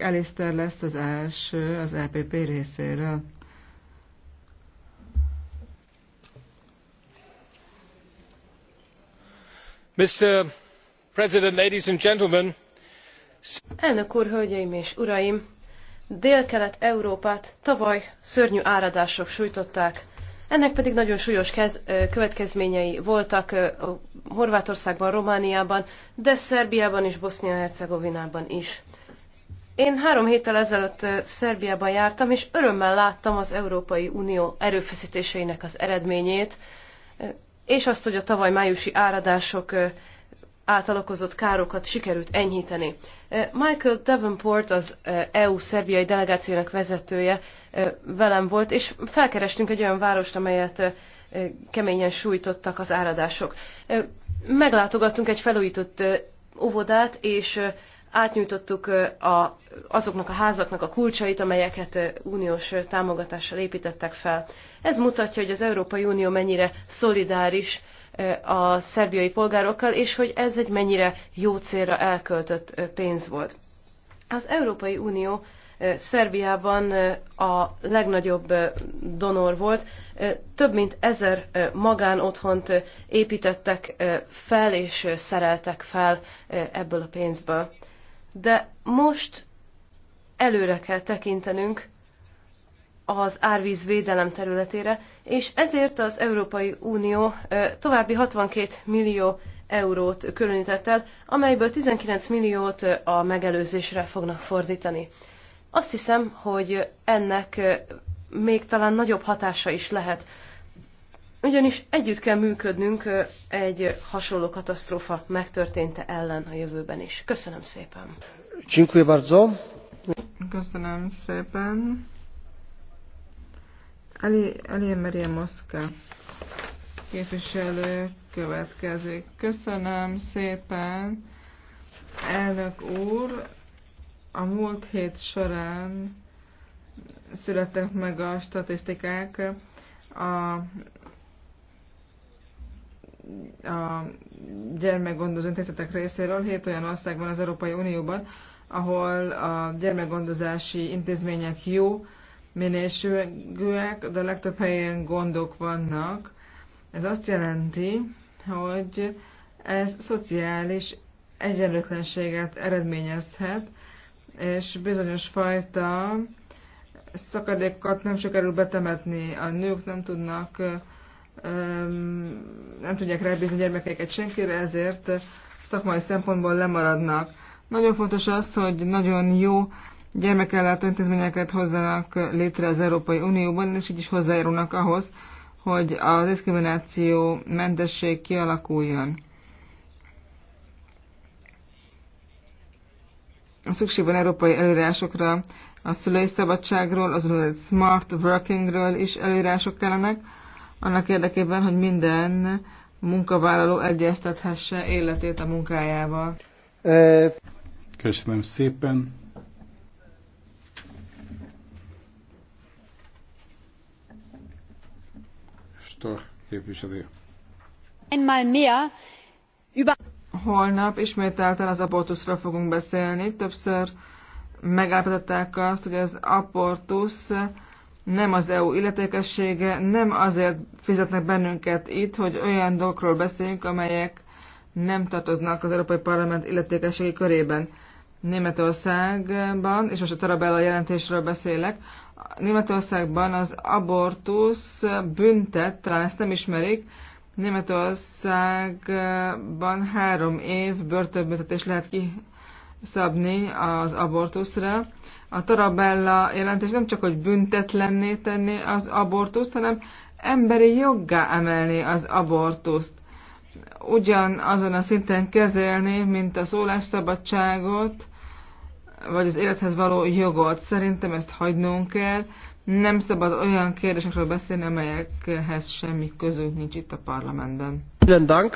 Eliszter lesz az első az EPP részéről. Mr. President, ladies and gentlemen. Elnök úr, hölgyeim és uraim! Dél-Kelet-Európát tavaly szörnyű áradások sújtották. Ennek pedig nagyon súlyos kez, következményei voltak Horvátországban, Romániában, de Szerbiában és Bosznia-Hercegovinában is. Én három héttel ezelőtt Szerbiában jártam, és örömmel láttam az Európai Unió erőfeszítéseinek az eredményét, és azt, hogy a tavaly májusi áradások által okozott károkat sikerült enyhíteni. Michael Davenport, az EU szerbiai delegációnak vezetője velem volt, és felkerestünk egy olyan várost, amelyet keményen sújtottak az áradások. Meglátogattunk egy felújított óvodát, és átnyújtottuk a, azoknak a házaknak a kulcsait, amelyeket uniós támogatással építettek fel. Ez mutatja, hogy az Európai Unió mennyire szolidáris a szerbiai polgárokkal, és hogy ez egy mennyire jó célra elköltött pénz volt. Az Európai Unió Szerbiában a legnagyobb donor volt. Több mint ezer magánotthont építettek fel és szereltek fel ebből a pénzből de most előre kell tekintenünk az árvíz védelem területére, és ezért az Európai Unió további 62 millió eurót különített el, amelyből 19 milliót a megelőzésre fognak fordítani. Azt hiszem, hogy ennek még talán nagyobb hatása is lehet. Ugyanis együtt kell működnünk egy hasonló katasztrófa megtörténte ellen a jövőben is. Köszönöm szépen. Dziękuję bardzo. Köszönöm szépen. Ali, Maria Moszka képviselő következik. Köszönöm szépen, elnök úr. A múlt hét során születtek meg a statisztikák a a gyermekgondozó intézetek részéről. Hét olyan ország van az Európai Unióban, ahol a gyermekgondozási intézmények jó minőségűek, de a legtöbb helyen gondok vannak. Ez azt jelenti, hogy ez szociális egyenlőtlenséget eredményezhet, és bizonyos fajta szakadékokat nem sikerül betemetni, a nők nem tudnak nem tudják rábízni gyermekeket senkire, ezért szakmai szempontból lemaradnak. Nagyon fontos az, hogy nagyon jó gyermekellátó intézményeket hozzanak létre az Európai Unióban, és így is hozzájárulnak ahhoz, hogy a diszkrimináció mentesség kialakuljon. Szükség van európai előírásokra, a szülői szabadságról, az úgynevezett smart workingről is előírások kellenek, annak érdekében, hogy minden munkavállaló egyeztethesse életét a munkájával. Köszönöm szépen. Stor képviselő. Einmal mehr über... Holnap ismételten az abortuszra fogunk beszélni. Többször megállapították azt, hogy az abortusz nem az EU illetékessége, nem azért fizetnek bennünket itt, hogy olyan dolgokról beszéljünk, amelyek nem tartoznak az Európai Parlament illetékességi körében. Németországban, és most a Tarabella jelentésről beszélek, Németországban az abortusz büntet, talán ezt nem ismerik, Németországban három év börtönbüntetés lehet szabni az abortuszra. A Tarabella jelentés nem csak, hogy büntetlenné tenni az abortuszt, hanem emberi joggá emelni az abortuszt. azon a szinten kezelni, mint a szólásszabadságot, vagy az élethez való jogot. Szerintem ezt hagynunk kell. Nem szabad olyan kérdésekről beszélni, amelyekhez semmi közünk nincs itt a parlamentben. Köszönöm.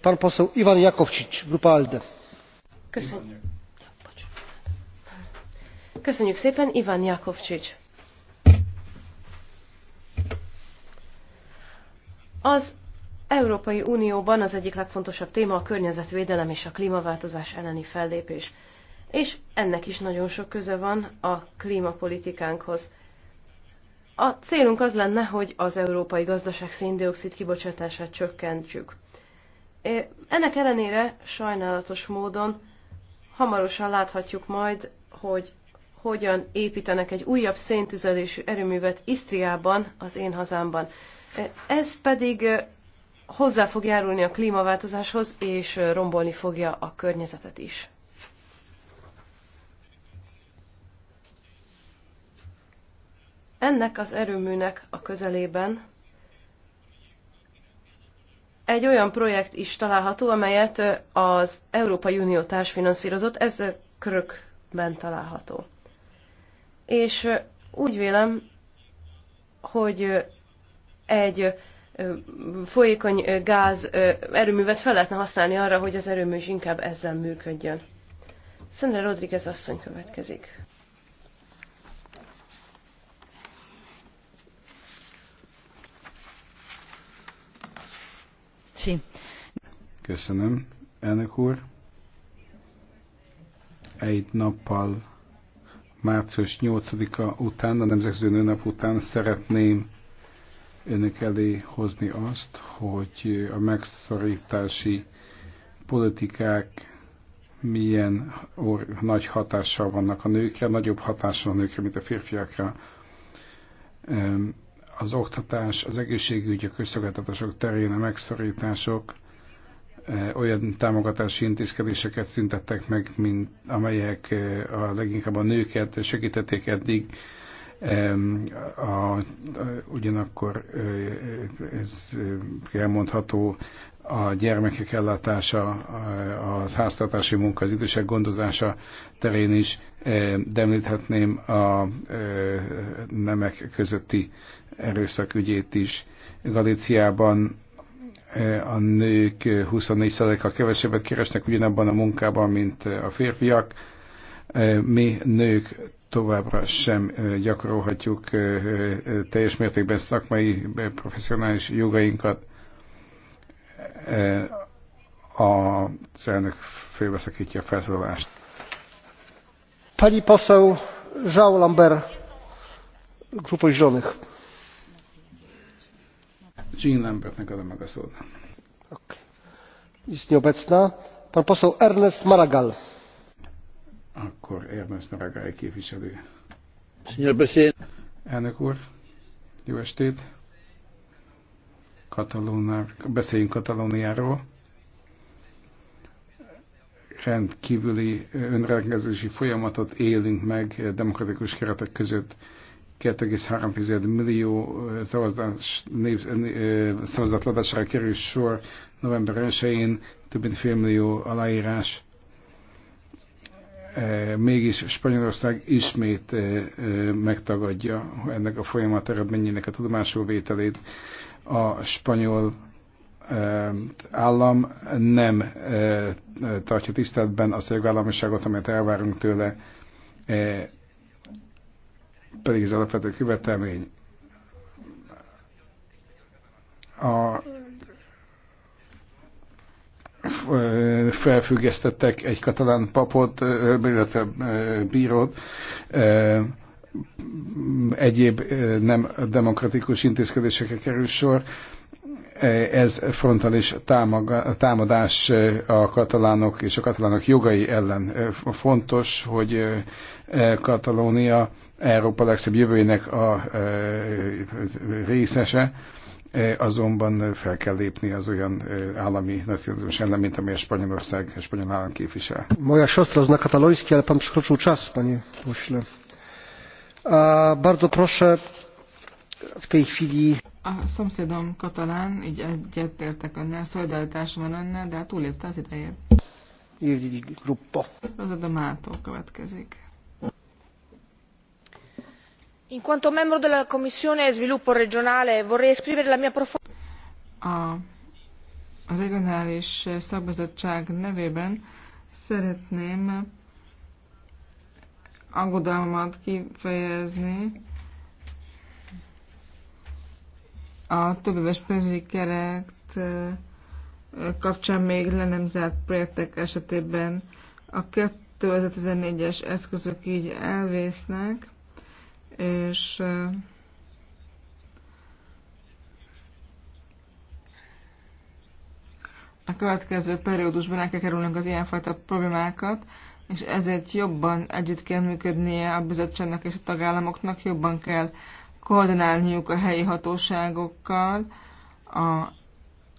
Pan poseł Ivan Jakovcsics, Grupa Alde Köszönjük. Köszönjük szépen, Iván Jakovcsics. Az Európai Unióban az egyik legfontosabb téma a környezetvédelem és a klímaváltozás elleni fellépés. És ennek is nagyon sok köze van a klímapolitikánkhoz. A célunk az lenne, hogy az európai gazdaság széndiokszid kibocsátását csökkentsük. Ennek ellenére sajnálatos módon hamarosan láthatjuk majd, hogy hogyan építenek egy újabb széntüzelésű erőművet Isztriában, az én hazámban. Ez pedig hozzá fog járulni a klímaváltozáshoz, és rombolni fogja a környezetet is. Ennek az erőműnek a közelében egy olyan projekt is található, amelyet az Európai Unió társfinanszírozott, ez körökben található. És úgy vélem, hogy egy folyékony gáz erőművet fel lehetne használni arra, hogy az erőmű is inkább ezzel működjön. Szendre Rodríguez asszony következik. Köszönöm, elnök úr. Egy nappal március 8-a után, a Nemzetközi Nőnap után szeretném önök elé hozni azt, hogy a megszorítási politikák milyen or, nagy hatással vannak a nőkre, nagyobb hatással a nőkre, mint a férfiakra az oktatás, az egészségügy, a közszolgáltatások terén a megszorítások e, olyan támogatási intézkedéseket szüntettek meg, mint amelyek e, a leginkább a nőket segítették eddig, a, a, ugyanakkor e, ez elmondható a gyermekek ellátása, az háztartási munka, az idősek gondozása terén is, de említhetném a nemek közötti erőszak ügyét is. Galíciában eh, a nők 24%-kal eh, kevesebbet keresnek ugyanabban a munkában, mint eh, a férfiak. Mi nők továbbra sem gyakorolhatjuk teljes mértékben szakmai, professzionális jogainkat. A elnök félbeszakítja a felszólalást. Pani poseł João Lambert, Grupa Zielonych. Jean Lambertnek adom meg a szót. Okay. Ernest Maragall. Akkor Ernest Maragall képviselő. Signor Presidente. Elnök úr, jó estét. Katalónár, beszéljünk Katalóniáról rendkívüli önrendelkezési folyamatot élünk meg demokratikus keretek között. 2,3 millió szavazatladásra kerül sor november 1-én, több mint fél millió aláírás. Mégis Spanyolország ismét megtagadja ennek a folyamat eredményének a tudomású vételét. A spanyol állam nem tartja tiszteletben azt a jogállamiságot, amelyet elvárunk tőle pedig az alapvető követelmény a felfüggesztettek egy katalán papot, illetve bírót, egyéb nem demokratikus intézkedésekre kerül sor. Ez frontális támadás a katalánok és a katalánok jogai ellen. Fontos, hogy Katalónia Európa legszebb jövőjének a e, részese, e, azonban fel kell lépni az olyan e, állami nacionalizmus ellen, mint amely a Spanyolország, a spanyol állam képvisel. Moja siostra zna kataloński, ale pan przekroczył czas, panie pośle. A, bardzo proszę w tej chwili... A szomszédom katalán, így egyetértek önnel, szolidaritásom van önnel, de hát túlépte az idejét. Évdi gruppo. Az a Domától következik in quanto membro della commissione sviluppo regionale vorrei esprimere la mia profonda. a regionális szakbizottság nevében szeretném aggodalmat kifejezni a többéves pénzügyi keret kapcsán még le nem zárt projektek esetében a 2014-es eszközök így elvésznek, és a következő periódusban el kell kerülnünk az ilyenfajta problémákat, és ezért jobban együtt kell működnie a bizottságnak és a tagállamoknak, jobban kell koordinálniuk a helyi hatóságokkal, a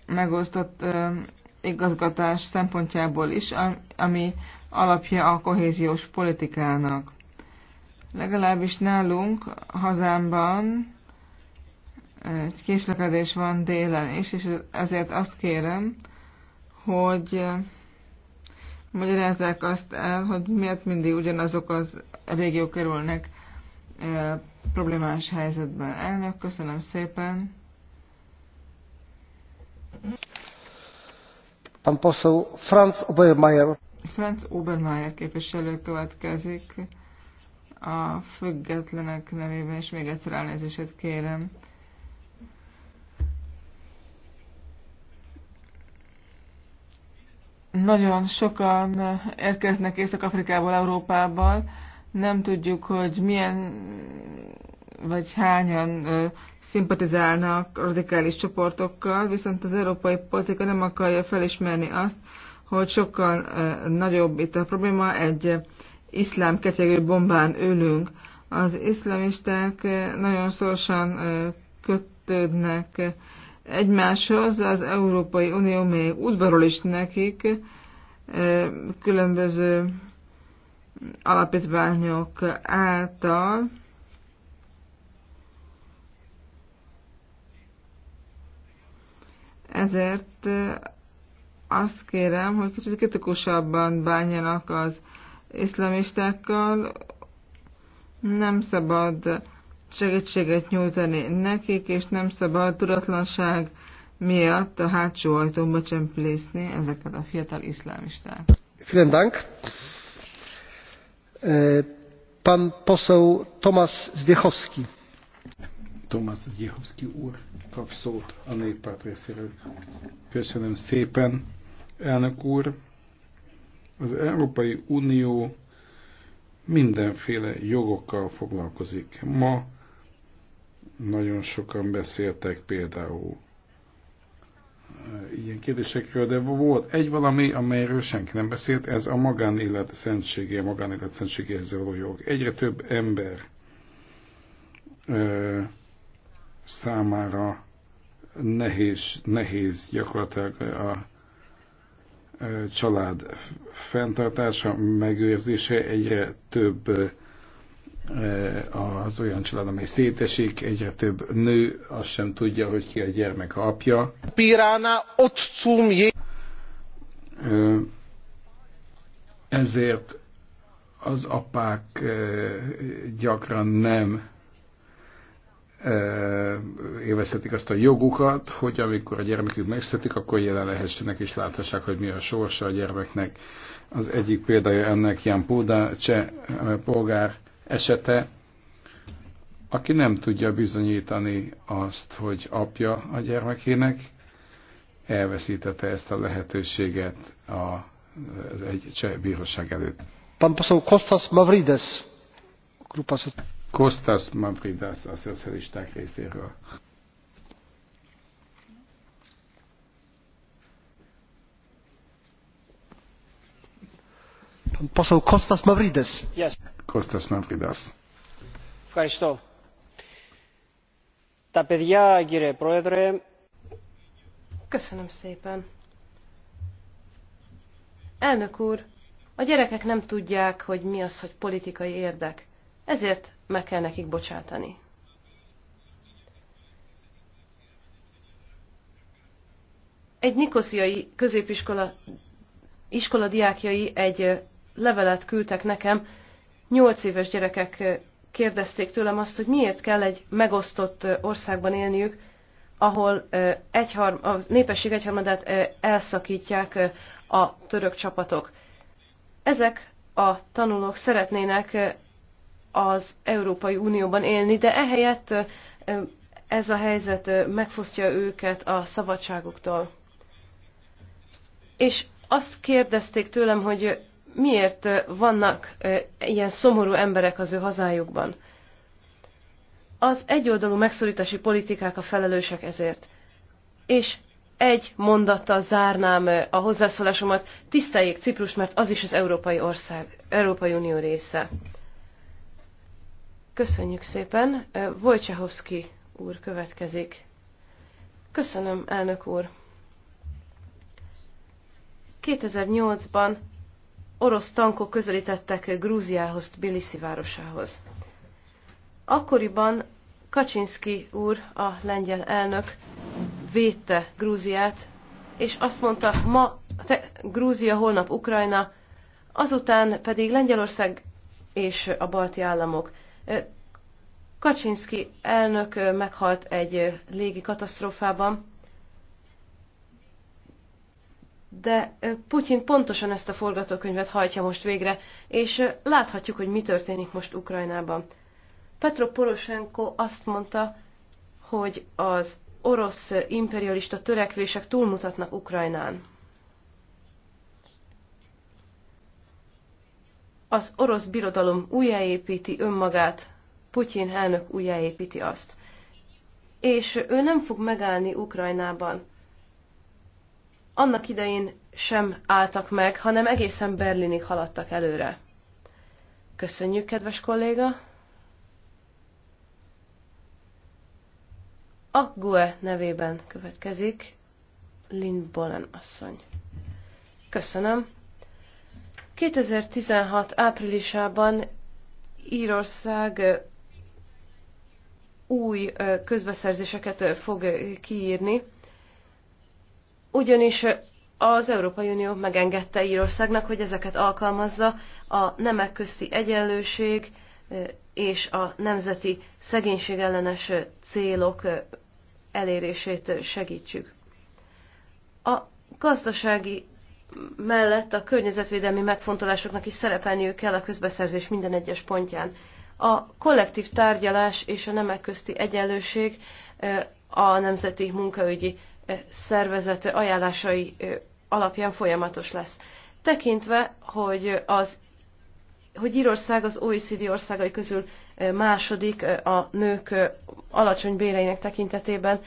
megosztott igazgatás szempontjából is, ami alapja a kohéziós politikának. Legalábbis nálunk, hazámban egy késlekedés van délen is, és ezért azt kérem, hogy magyarázzák azt el, hogy miért mindig ugyanazok az régiók kerülnek e, problémás helyzetben. Elnök, köszönöm szépen. Franz Obermeier. Franz Obermeier képviselő következik a függetlenek nevében is még egyszer elnézést kérem. Nagyon sokan érkeznek Észak-Afrikából, Európából. Nem tudjuk, hogy milyen vagy hányan ö, szimpatizálnak radikális csoportokkal, viszont az európai politika nem akarja felismerni azt, hogy sokkal ö, nagyobb itt a probléma, egy iszlám kecegő bombán ülünk. Az iszlamisták eh, nagyon szorosan eh, kötődnek eh, egymáshoz, az Európai Unió még udvarol is nekik, különböző alapítványok által. Ezért azt kérem, hogy kicsit kritikusabban bánjanak az iszlamistákkal, nem szabad segítséget nyújtani nekik, és nem szabad tudatlanság miatt a hátsó ajtóba csempészni ezeket a fiatal iszlámisták. Vielen Dank. Pan poseł Tomasz Zdechowski. Tomasz Zdechowski úr kap szót a néppátrészéről. Köszönöm szépen, elnök úr. Az Európai Unió mindenféle jogokkal foglalkozik. Ma nagyon sokan beszéltek például eh, ilyen kérdésekről, de volt egy valami, amelyről senki nem beszélt, ez a magánélet szentsége, a magánélet szentségéhez való jog. Egyre több ember ö, eh, számára nehéz, nehéz gyakorlatilag a család fenntartása, megőrzése, egyre több az olyan család, amely szétesik, egyre több nő azt sem tudja, hogy ki a gyermek apja. Pirána otcum Ezért az apák gyakran nem élvezhetik azt a jogukat, hogy amikor a gyermekük megszületik, akkor jelen lehessenek és láthassák, hogy mi a sorsa a gyermeknek. Az egyik példája ennek Jan Póda, cseh polgár esete, aki nem tudja bizonyítani azt, hogy apja a gyermekének, elveszítette ezt a lehetőséget a, az egy cseh bíróság előtt. Pan poseł Kostas Mavrides, grupa Kostas Mavridas a szocialisták részéről. Poseł Kostas Mavrides. Yes. Kostas Mavridas. Ευχαριστώ. Ta pedia, gyere, proedre. Köszönöm szépen. Elnök úr, a gyerekek nem tudják, hogy mi az, hogy politikai érdek ezért meg kell nekik bocsátani. Egy nikosziai középiskola iskola diákjai egy levelet küldtek nekem, nyolc éves gyerekek kérdezték tőlem azt, hogy miért kell egy megosztott országban élniük, ahol egyharm, a népesség egyharmadát elszakítják a török csapatok. Ezek a tanulók szeretnének az Európai Unióban élni, de ehelyett ez a helyzet megfosztja őket a szabadságuktól. És azt kérdezték tőlem, hogy miért vannak ilyen szomorú emberek az ő hazájukban. Az egyoldalú megszorítási politikák a felelősek ezért. És egy mondattal zárnám a hozzászólásomat, tiszteljék Ciprus, mert az is az Európai Ország, Európai Unió része. Köszönjük szépen. Wojciechowski úr következik. Köszönöm, elnök úr. 2008-ban orosz tankok közelítettek Grúziához, Tbilisi városához. Akkoriban Kaczynski úr, a lengyel elnök védte Grúziát, és azt mondta, ma te, Grúzia, holnap Ukrajna, azután pedig Lengyelország és a balti államok. Kaczynski elnök meghalt egy légi katasztrófában, de Putyin pontosan ezt a forgatókönyvet hajtja most végre, és láthatjuk, hogy mi történik most Ukrajnában. Petro Poroshenko azt mondta, hogy az orosz imperialista törekvések túlmutatnak Ukrajnán. Az orosz birodalom újjáépíti önmagát, Putyin elnök újjáépíti azt. És ő nem fog megállni Ukrajnában. Annak idején sem álltak meg, hanem egészen Berlinig haladtak előre. Köszönjük, kedves kolléga! A GUE nevében következik Bolen asszony. Köszönöm. 2016 áprilisában Írország új közbeszerzéseket fog kiírni, ugyanis az Európai Unió megengedte Írországnak, hogy ezeket alkalmazza a nemek közti egyenlőség és a nemzeti szegénységellenes célok elérését segítsük. A gazdasági mellett a környezetvédelmi megfontolásoknak is szerepelniük kell a közbeszerzés minden egyes pontján. A kollektív tárgyalás és a nemek közti egyenlőség a Nemzeti Munkaügyi Szervezet ajánlásai alapján folyamatos lesz. Tekintve, hogy, az, hogy Írország az OECD országai közül második a nők alacsony béreinek tekintetében,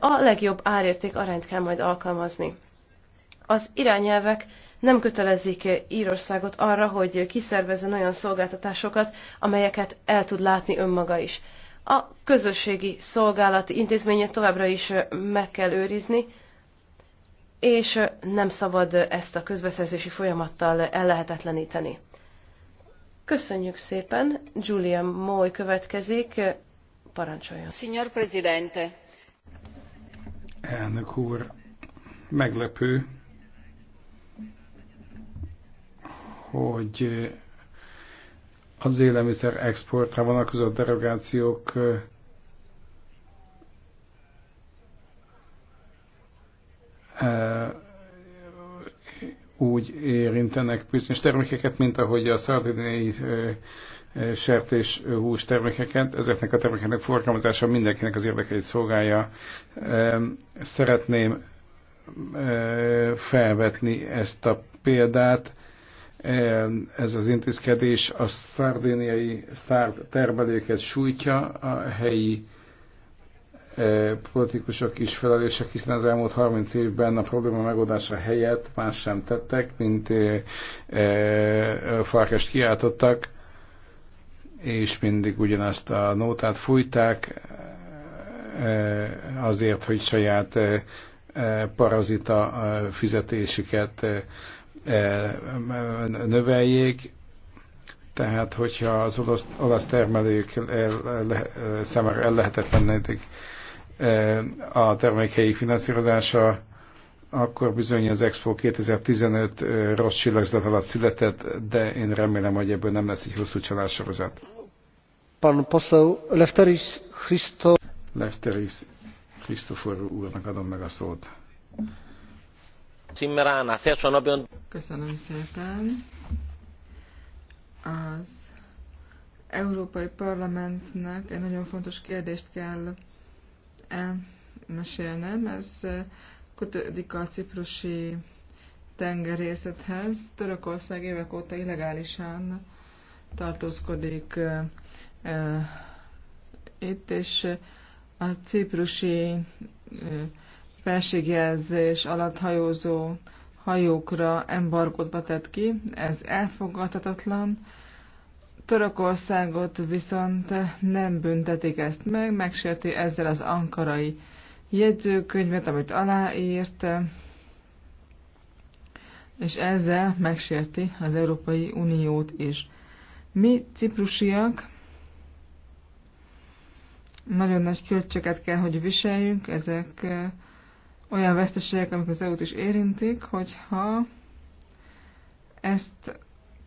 a legjobb árérték arányt kell majd alkalmazni az irányelvek nem kötelezik Írországot arra, hogy kiszervezzen olyan szolgáltatásokat, amelyeket el tud látni önmaga is. A közösségi szolgálati intézményet továbbra is meg kell őrizni, és nem szabad ezt a közbeszerzési folyamattal ellehetetleníteni. Köszönjük szépen, Julian Moy következik, parancsoljon. Signor Presidente. Elnök úr, meglepő, hogy az élelmiszer exportra vonatkozó derogációk úgy érintenek bizonyos termékeket, mint ahogy a szardiniai sertés hús termékeket. Ezeknek a termékeknek forgalmazása mindenkinek az érdekeit szolgálja. Szeretném felvetni ezt a példát. Ez az intézkedés a szardéniai szárd termelőket sújtja, a helyi e, politikusok is felelősek, hiszen az elmúlt 30 évben a probléma megoldása helyett más sem tettek, mint e, e, farkest kiáltottak, és mindig ugyanazt a nótát fújták azért, hogy saját parazita fizetésüket E, növeljék, tehát hogyha az olasz, olasz termelők el, le, számára ellehetetlenedik e, a termékeik finanszírozása, akkor bizony az Expo 2015 e, rossz csillagzat alatt született, de én remélem, hogy ebből nem lesz egy hosszú csalássorozat. Pan poseł Lefteris Christo... Lefteris Christofor úrnak adom meg a szót. Köszönöm szépen. Az Európai Parlamentnek egy nagyon fontos kérdést kell elmesélnem. Ez kötődik a ciprusi tengerészethez. Törökország évek óta illegálisan tartózkodik itt, és a ciprusi felségjelzés alatt hajózó hajókra embargót vetett ki, ez elfogadhatatlan. Törökországot viszont nem büntetik ezt meg, megsérti ezzel az ankarai jegyzőkönyvet, amit aláírt, és ezzel megsérti az Európai Uniót is. Mi ciprusiak nagyon nagy költséget kell, hogy viseljünk, ezek olyan veszteségek, amik az EU-t is érintik, hogyha ezt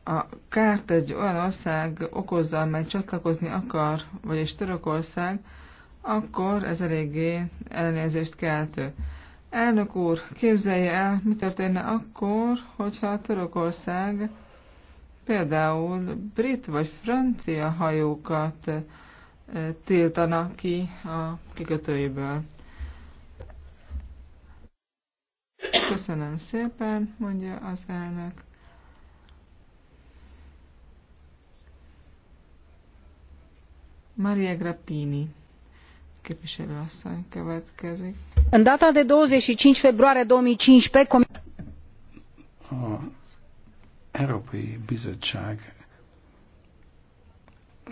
a kárt egy olyan ország okozza, amely csatlakozni akar, vagyis Törökország, akkor ez eléggé ellenérzést keltő. Elnök úr, képzelje el, mi történne akkor, hogyha Törökország például brit vagy francia hajókat eh, tiltana ki a kikötőiből. Köszönöm szépen, mondja az elnök. Maria Grappini képviselőasszony következik. În data de 25 februarie 2015 a Európai Bizottság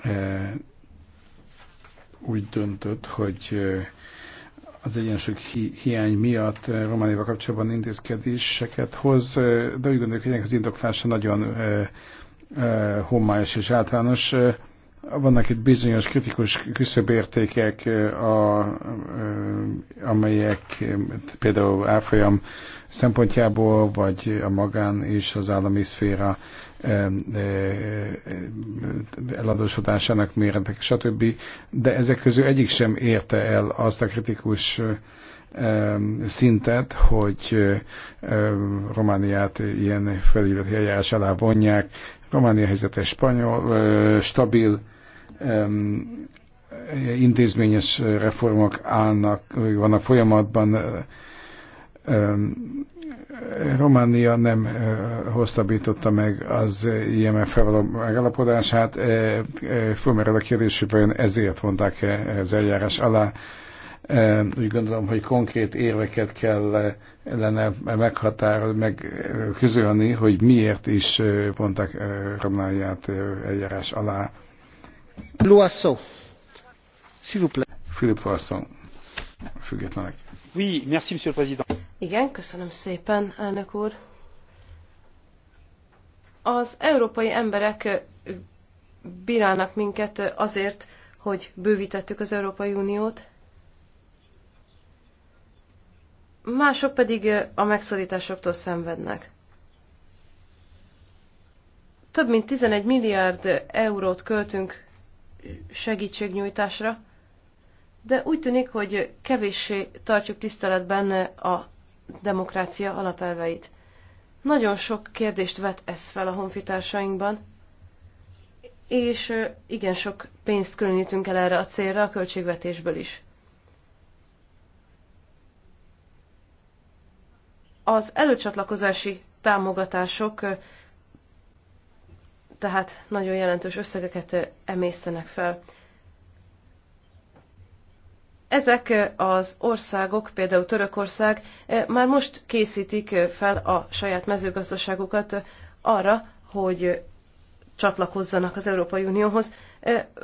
e, úgy döntött, hogy e, az egyensúly hi- hiány miatt eh, Romániával kapcsolatban intézkedéseket hoz, eh, de úgy gondoljuk, hogy ennek az indoklása nagyon eh, homályos és általános. Vannak itt bizonyos kritikus küszöbértékek, a, amelyek például árfolyam szempontjából, vagy a magán és az állami szféra E, e, eladósodásának méretek, stb. De ezek közül egyik sem érte el azt a kritikus szintet, hogy Romániát ilyen felületi eljárás alá vonják. Románia helyzete spanyol, stabil, intézményes reformok állnak, vannak folyamatban, Románia nem hoztabította meg az IMF-fel való megalapodását. Fölmerül a kérdés, hogy vajon ezért vonták -e az eljárás alá. Úgy gondolom, hogy konkrét érveket kell lenne meghatározni, meg közölni, hogy miért is vonták Romániát eljárás alá. Luasso. Philippe Luasso. Függetlenek. Oui, merci, monsieur le président igen, köszönöm szépen, elnök úr. Az európai emberek bírálnak minket azért, hogy bővítettük az Európai Uniót. Mások pedig a megszorításoktól szenvednek. Több mint 11 milliárd eurót költünk segítségnyújtásra, de úgy tűnik, hogy kevéssé tartjuk tiszteletben a demokrácia alapelveit. Nagyon sok kérdést vet ez fel a honfitársainkban, és igen sok pénzt különítünk el erre a célra a költségvetésből is. Az előcsatlakozási támogatások tehát nagyon jelentős összegeket emésztenek fel. Ezek az országok, például Törökország már most készítik fel a saját mezőgazdaságukat arra, hogy csatlakozzanak az Európai Unióhoz.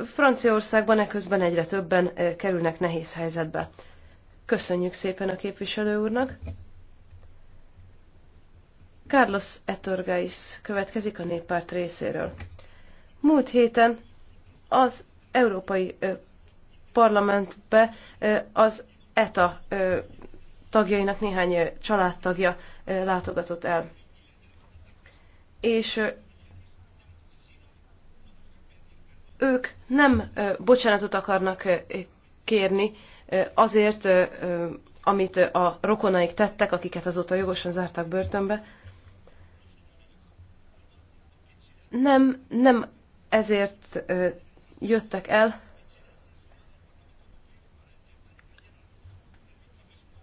Franciaországban eközben egyre többen kerülnek nehéz helyzetbe. Köszönjük szépen a képviselő úrnak. Carlos Etorgais következik a néppárt részéről. Múlt héten az Európai Parlamentbe az ETA tagjainak néhány családtagja látogatott el. És ők nem bocsánatot akarnak kérni azért, amit a rokonaik tettek, akiket azóta jogosan zártak börtönbe. Nem, nem ezért jöttek el,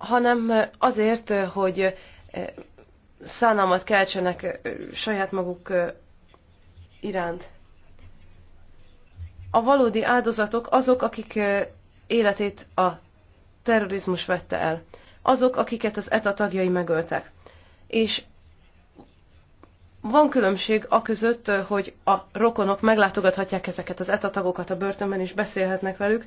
hanem azért, hogy eh, szánalmat keltsenek eh, saját maguk eh, iránt. A valódi áldozatok azok, akik életét a terrorizmus vette el. Azok, akiket az ETA tagjai megöltek. És van különbség a között, hogy a rokonok meglátogathatják ezeket az ETA tagokat a börtönben, és beszélhetnek velük,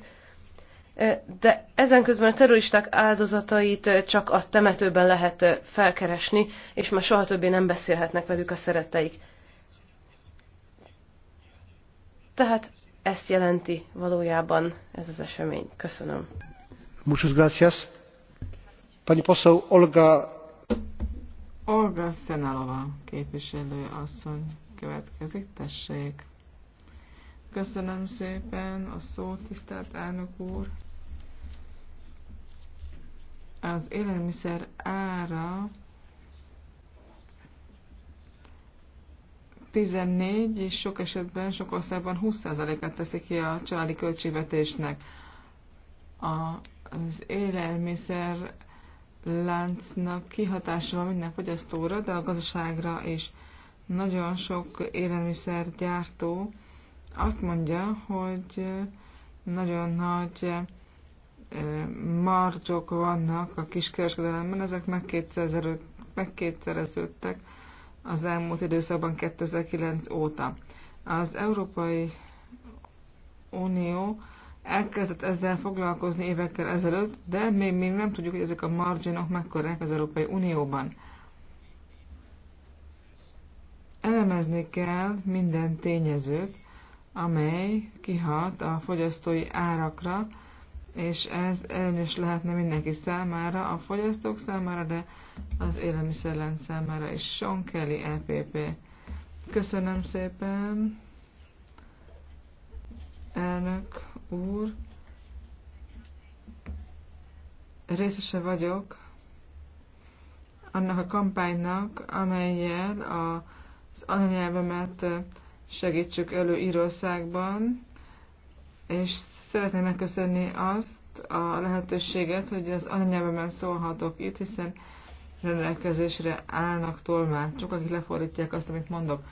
de ezen közben a terroristák áldozatait csak a temetőben lehet felkeresni, és már soha többé nem beszélhetnek velük a szeretteik. Tehát ezt jelenti valójában ez az esemény. Köszönöm. Muchas gracias. Pani poseł Olga... Olga Szenalova képviselő asszony következik, tessék. Köszönöm szépen a szót, tisztelt elnök úr. Az élelmiszer ára 14 és sok esetben, sok országban 20%-át teszik ki a családi költségvetésnek. Az élelmiszer láncnak kihatása van minden fogyasztóra, de a gazdaságra is. Nagyon sok élelmiszergyártó azt mondja, hogy nagyon nagy marcsok vannak a kiskereskedelemben, ezek megkétszereződtek az elmúlt időszakban 2009 óta. Az Európai Unió elkezdett ezzel foglalkozni évekkel ezelőtt, de még, még nem tudjuk, hogy ezek a marginok mekkorák az Európai Unióban. Elemezni kell minden tényezőt, amely kihat a fogyasztói árakra, és ez előnyös lehetne mindenki számára, a fogyasztók számára, de az élelmiszerlen számára is. Sean Kelly, LPP. E Köszönöm szépen, elnök úr. Részese vagyok annak a kampánynak, amelyel az anyanyelvemet segítsük elő Írországban, és szeretném megköszönni azt a lehetőséget, hogy az anyanyelvemen szólhatok itt, hiszen rendelkezésre állnak tolmácsok, akik lefordítják azt, amit mondok.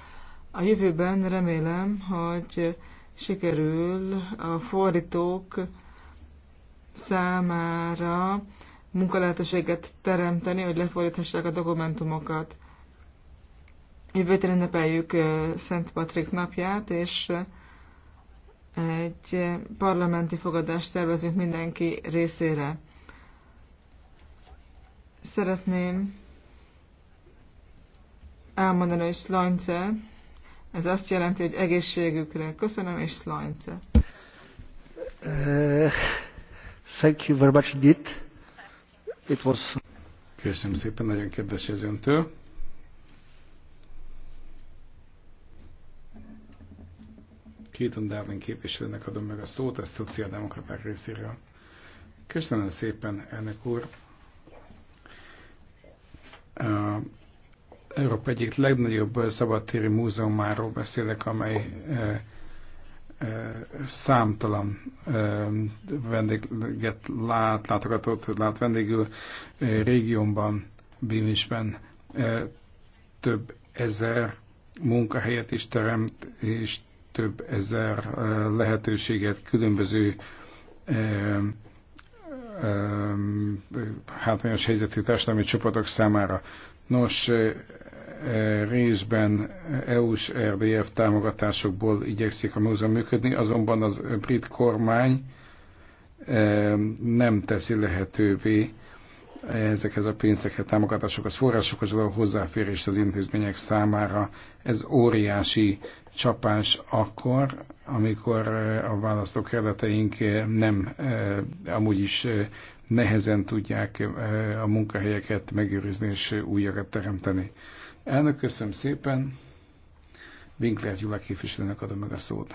A jövőben remélem, hogy sikerül a fordítók számára munkalehetőséget teremteni, hogy lefordíthassák a dokumentumokat. Jövőt ünnepeljük Szent Patrik napját, és egy parlamenti fogadást szervezünk mindenki részére. Szeretném elmondani, hogy Slajnce, ez azt jelenti, hogy egészségükre. Köszönöm, és Slajnce. Uh, thank you very much indeed. It was... Köszönöm szépen, nagyon kedves ez öntől. Keaton Darling képviselőnek adom meg a szót, a szociáldemokraták részéről. Köszönöm szépen, elnök úr. Európa egyik legnagyobb szabadtéri múzeumáról beszélek, amely e, e, számtalan e, vendéget lát, látogatót lát vendégül régiónban, Bimisben több ezer munkahelyet is teremt, és több ezer eh, lehetőséget, különböző eh, eh, hátrányos helyzetű társadalmi csoportok számára. Nos, részben EU-s e RDF támogatásokból igyekszik a múzeum működni, azonban az brit kormány nem teszi lehetővé ezekhez a pénzekhez, támogatásokhoz, forrásokhoz való hozzáférést az intézmények számára. Ez óriási csapás akkor, amikor eh, a választókerületeink eh, nem eh, amúgy is nehezen tudják a munkahelyeket megőrizni és újakat teremteni. Elnök, köszönöm szépen. Winkler Gyula képviselőnek adom meg a szót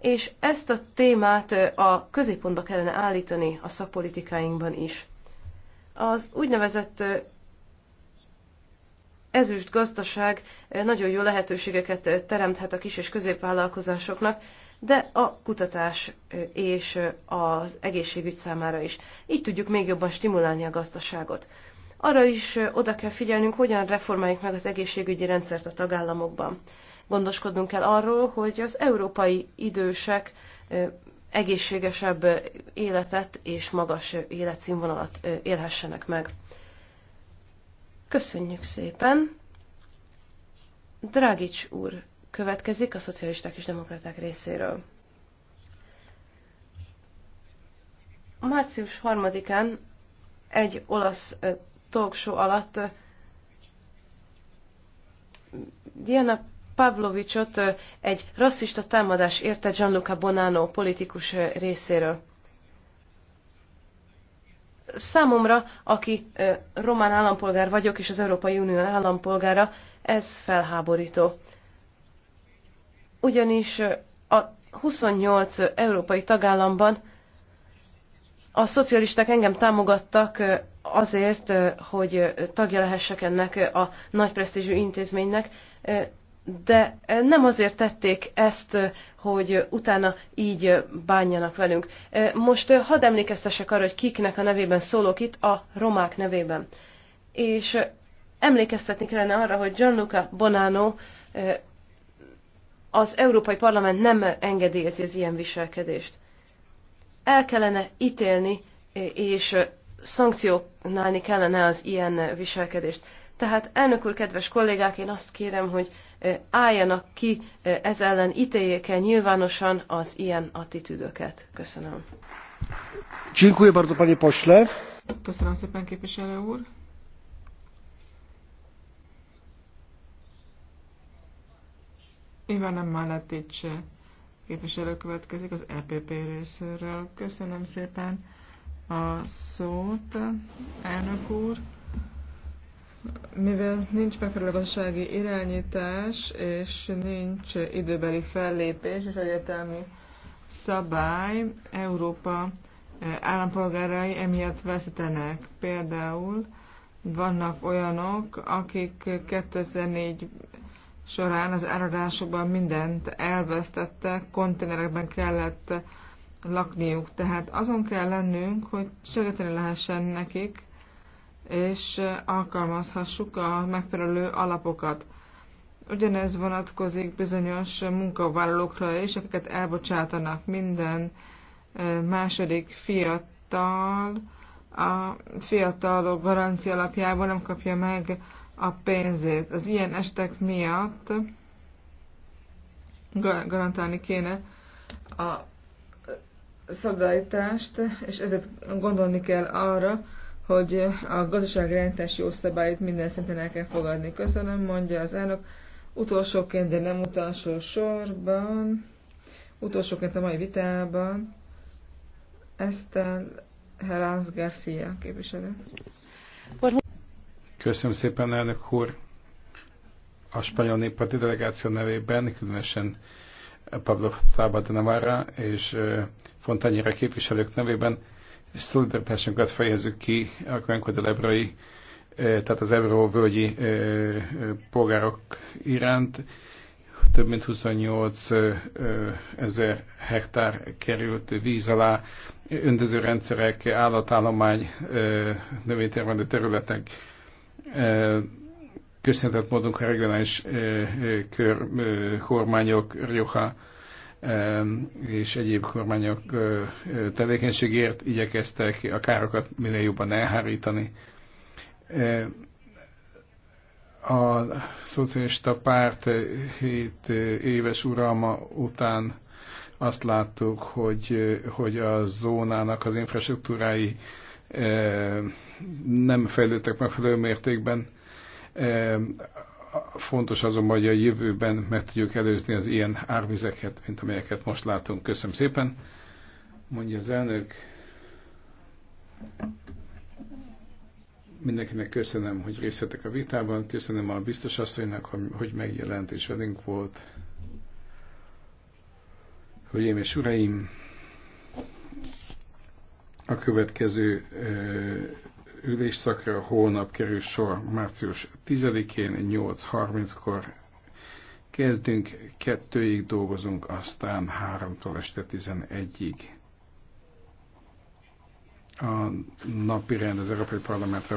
és ezt a témát a középpontba kellene állítani a szakpolitikáinkban is. Az úgynevezett ezüst gazdaság nagyon jó lehetőségeket teremthet a kis és középvállalkozásoknak, de a kutatás és az egészségügy számára is. Így tudjuk még jobban stimulálni a gazdaságot. Arra is oda kell figyelnünk, hogyan reformáljuk meg az egészségügyi rendszert a tagállamokban gondoskodnunk kell arról, hogy az európai idősek egészségesebb életet és magas életszínvonalat élhessenek meg. Köszönjük szépen! Dragics úr következik a szocialisták és demokraták részéről. Március 3-án egy olasz show alatt Diana Pavlovicsot egy rasszista támadás érte Gianluca Bonanno politikus részéről. Számomra, aki román állampolgár vagyok, és az Európai Unió állampolgára, ez felháborító. Ugyanis a 28 európai tagállamban a szocialisták engem támogattak azért, hogy tagja lehessek ennek a nagy presztízsű intézménynek, de eh, nem azért tették ezt, eh, hogy eh, utána így bánjanak velünk. Most hadd emlékeztessek arra, hogy kiknek a nevében szólok itt, a romák nevében. És emlékeztetni kellene arra, hogy Gianluca Bonanno az Európai Parlament nem engedélyezi az ilyen viselkedést. El kellene ítélni és szankcionálni kellene az ilyen viselkedést. Tehát elnök úr, kedves kollégák, én azt kérem, hogy álljanak ki ez ellen, ítéljék el nyilvánosan az ilyen attitűdöket. Köszönöm. Dziękuję bardzo, panie pośle. Köszönöm szépen, képviselő úr. Ivánem Maletics képviselő következik az EPP részéről. Köszönöm szépen a szót, elnök úr mivel nincs megfelelő gazdasági irányítás, és nincs időbeli fellépés, és egyetemi szabály, Európa e, állampolgárai emiatt veszítenek. Például vannak olyanok, akik 2004 során az áradásokban mindent elvesztettek, konténerekben kellett lakniuk. Tehát azon kell lennünk, hogy segíteni lehessen nekik, és alkalmazhassuk a megfelelő alapokat. Ugyanez vonatkozik bizonyos munkavállalókra is, akiket elbocsátanak minden második fiatal, a fiatalok garancia alapjából nem kapja meg a pénzét. Az ilyen estek miatt garantálni kéne a szabálytást és ezért gondolni kell arra, hogy a gazdaságrendtási osztabályt minden szinten el kell fogadni. Köszönöm, mondja az elnök. Utolsóként, de nem utolsó sorban, utolsóként a mai vitában, Esztel Heráns Garcia képviselő. Köszönöm szépen, elnök úr! A spanyol néppárti delegáció nevében, különösen Pablo Szabad Navarra és Fontanyira képviselők nevében szolidaritásunkat fejezzük ki a Lebrai, eh, tehát az euróvölgyi eh, eh, polgárok iránt. Több mint 28 ezer hektár került víz alá, öntözőrendszerek, állatállomány, növénytermelő területek. Köszönetet mondunk a regionális kör, kormányok, Rioja, és egyéb kormányok tevékenységért igyekeztek a károkat minél jobban elhárítani. A szocialista párt 7 éves uralma után azt láttuk, hogy, hogy a zónának az infrastruktúrái nem fejlődtek megfelelő mértékben Fontos azonban, hogy a jövőben meg tudjuk előzni az ilyen árvizeket, mint amelyeket most látunk. Köszönöm szépen, mondja az elnök. Mindenkinek köszönöm, hogy részletek a vitában, köszönöm a biztos asszonynak, hogy megjelent és velünk volt. Hölgyeim és uraim, a következő ülésszakra holnap kerül sor március 10-én 8.30-kor. Kezdünk, kettőig dolgozunk, aztán háromtól este 11-ig. A napi rend az Európai Parlamentre